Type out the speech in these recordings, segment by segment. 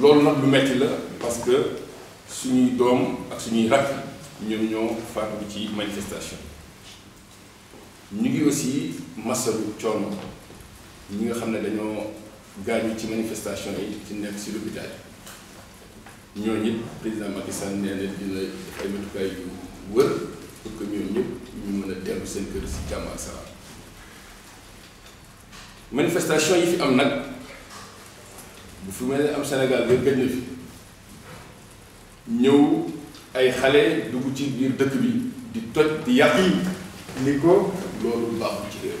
loolu nag lu metti la parce que suñuy doom ak suñuy rakk ñoom ñoo faatu ci manifestation ñu ngi aussi masalu coono ñi nga xam ne dañoo gaañu ci manifestation yi ci nekk si l'hôpital ñooñu it président Macky Sall dina ay matukaay yu wër pour que ñoom ñëpp ñu mën a dellu seen kër si jàmm ak salaam yi fi am nag. bu fi mel ne am Sénégal yëpp gëj na fi ñëw ay xale dugg ci biir dëkk bi di toj di yàq yi ni ko loolu baaxul ci réew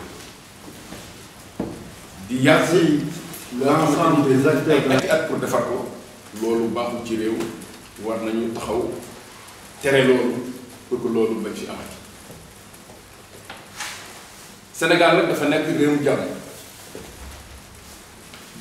di yàq yi l'ensemble des acteurs ay at pour defar ko loolu baaxul ci réew war nañu taxaw tere loolu pour que loolu bañ fi amati Sénégal nag dafa nekk réewum jàmm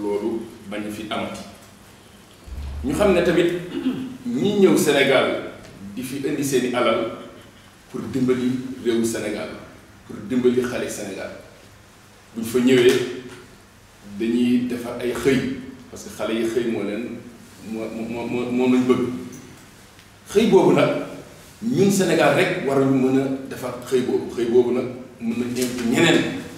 loolu bañ fi amati ñu xam ne tamit ñi ñëw senegal di fi indi seeni alal pour dimbali réewu Sénégal pour dimbali xale Sénégal buñ fa ñëwee dañuy defar ay xëy parce que xale yi xëy moo leen moo moo moo moom lañ bëgg xëy boobu nag ñun Sénégal rek war ñu mën a defar xëy boobu xëy boobu nag mën na ñëw ñeneen.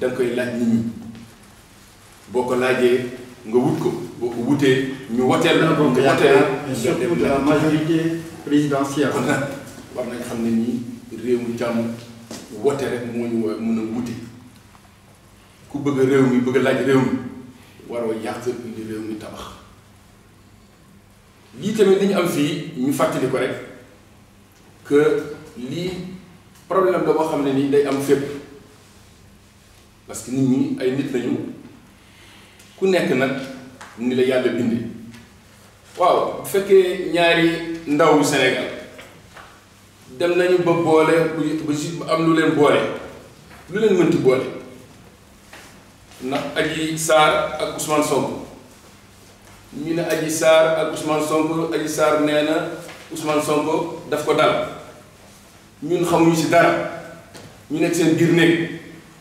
da nga koy laaj nit ñi boo ko laajee nga wut ko boo ko wutee ñu woteel la. boo ko wotee surtout la majorité présidentielle. kon nag war nañ xam ne nii réew mi jàmm wote rek moo ñu mën a wuti ku bëgg réew mi bëgg laaj réew mi waroo yàq li réew mi tabax lii tamit li ñu am fii ñu fàttali ko rek que lii problème la boo xam ne nii day am fépp. parce que nit ñi ay nit lañu ku nekk nag ni la yàlla bindee waaw bu fekkee ñaari ndaw Sénégal dem nañu ba boole ba si am lu leen boole lu leen mënti boole ndax Adji Sarr ak Ousmane Sonko ñu ne Adji Sarr ak Ousmane Sonko Adji Sarr nee na Ousmane daf ko dal ñun xamuñu ci dara ñu nekk seen biir néeg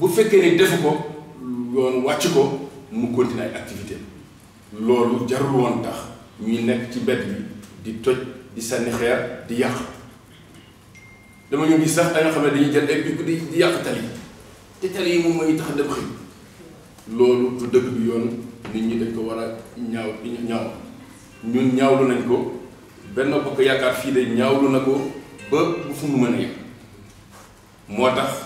bu fekkee ne defu ko yoon wàcc ko mu continuer ay activité loolu jarul woon tax ñuy nekk ci bedd bi di toj di sànni xeer di yàq dama ñu gis sax da nga xam ne dañuy jël ay bikk di yàq tali te tali yi moom mooy tax dem xëy loolu du dëgg bi yoon nit ñi dañ ko war a ñaaw ñaaw ñun ñaawlu nañ ko benn bokk yaakaar fii de ñaawlu na ko ba bu fu mu mën a yem moo tax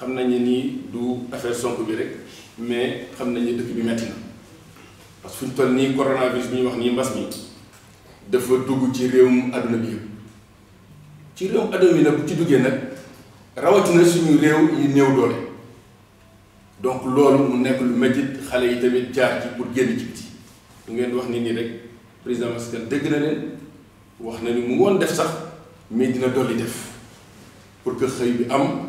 xam nañu ni du affaire Sonko bi rek mais xam nañu dëkk bi metti na parce que fu ñu toll nii coronavirus bi ñuy wax nii mbas mi dafa dugg ci réewum àdduna bi yëpp ci réewum àdduna bi nag bu ci duggee nag rawatina suñu réew yi néew doole donc loolu mu nekk lu métti xale yi tamit jaar ci pour génn ci biti lu ngeen wax ni nii rek président Macky dégg na leen wax na ni mu woon def sax mais dina dolli def pour que xëy bi am.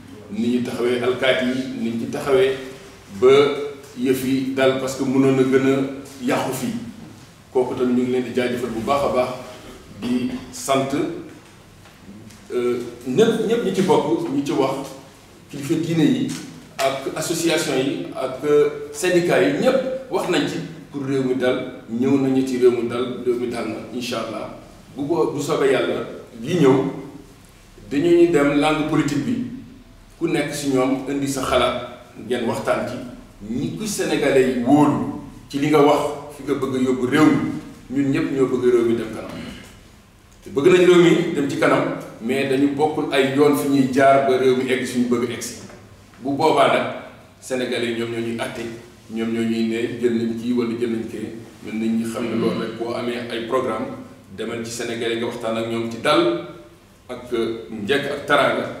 ni ñu taxawee alkaati yi ni ñu taxawee ba yëf yi dal parce que mënoon a gën yàqu fii kooku tamit ñu ngi leen di jaajëfal bu baax a baax di sant euh, ñëpp ñëpp ñi ci bokk ñi ci wax kilifa diine yi ak association yi ak syndicats yi ñëpp wax nañ ci pour réew mi dal ñëw nañu ci réew mi dal réew mi dal na incha allah bu ko bu soobee yàlla gi ñëw dañuy dem langue politique bi. ku nekk si ñoom indi sa xalaat ngeen waxtaan ci ñi ku sénégalais yi wóolu ci li nga wax fi nga bëgg yóbbu réew mi ñun ñëpp ñoo bëgg réew mi dem kanam te bëgg nañ réew mi dem ci kanam mais dañu bokkul ay yoon fi ñuy jaar ba réew mi egg suñu bëgg egg si bu boobaa nag sénégalais ñoom ñoo ñuy atte ñoom ñoo ñuy ne jël nañ kii wala jël nañ kee mën nañ ñi xam ne loolu rek boo amee ay programme demal ci sénégalais nga waxtaan ak ñoom ci dal ak njëkk ak taraanga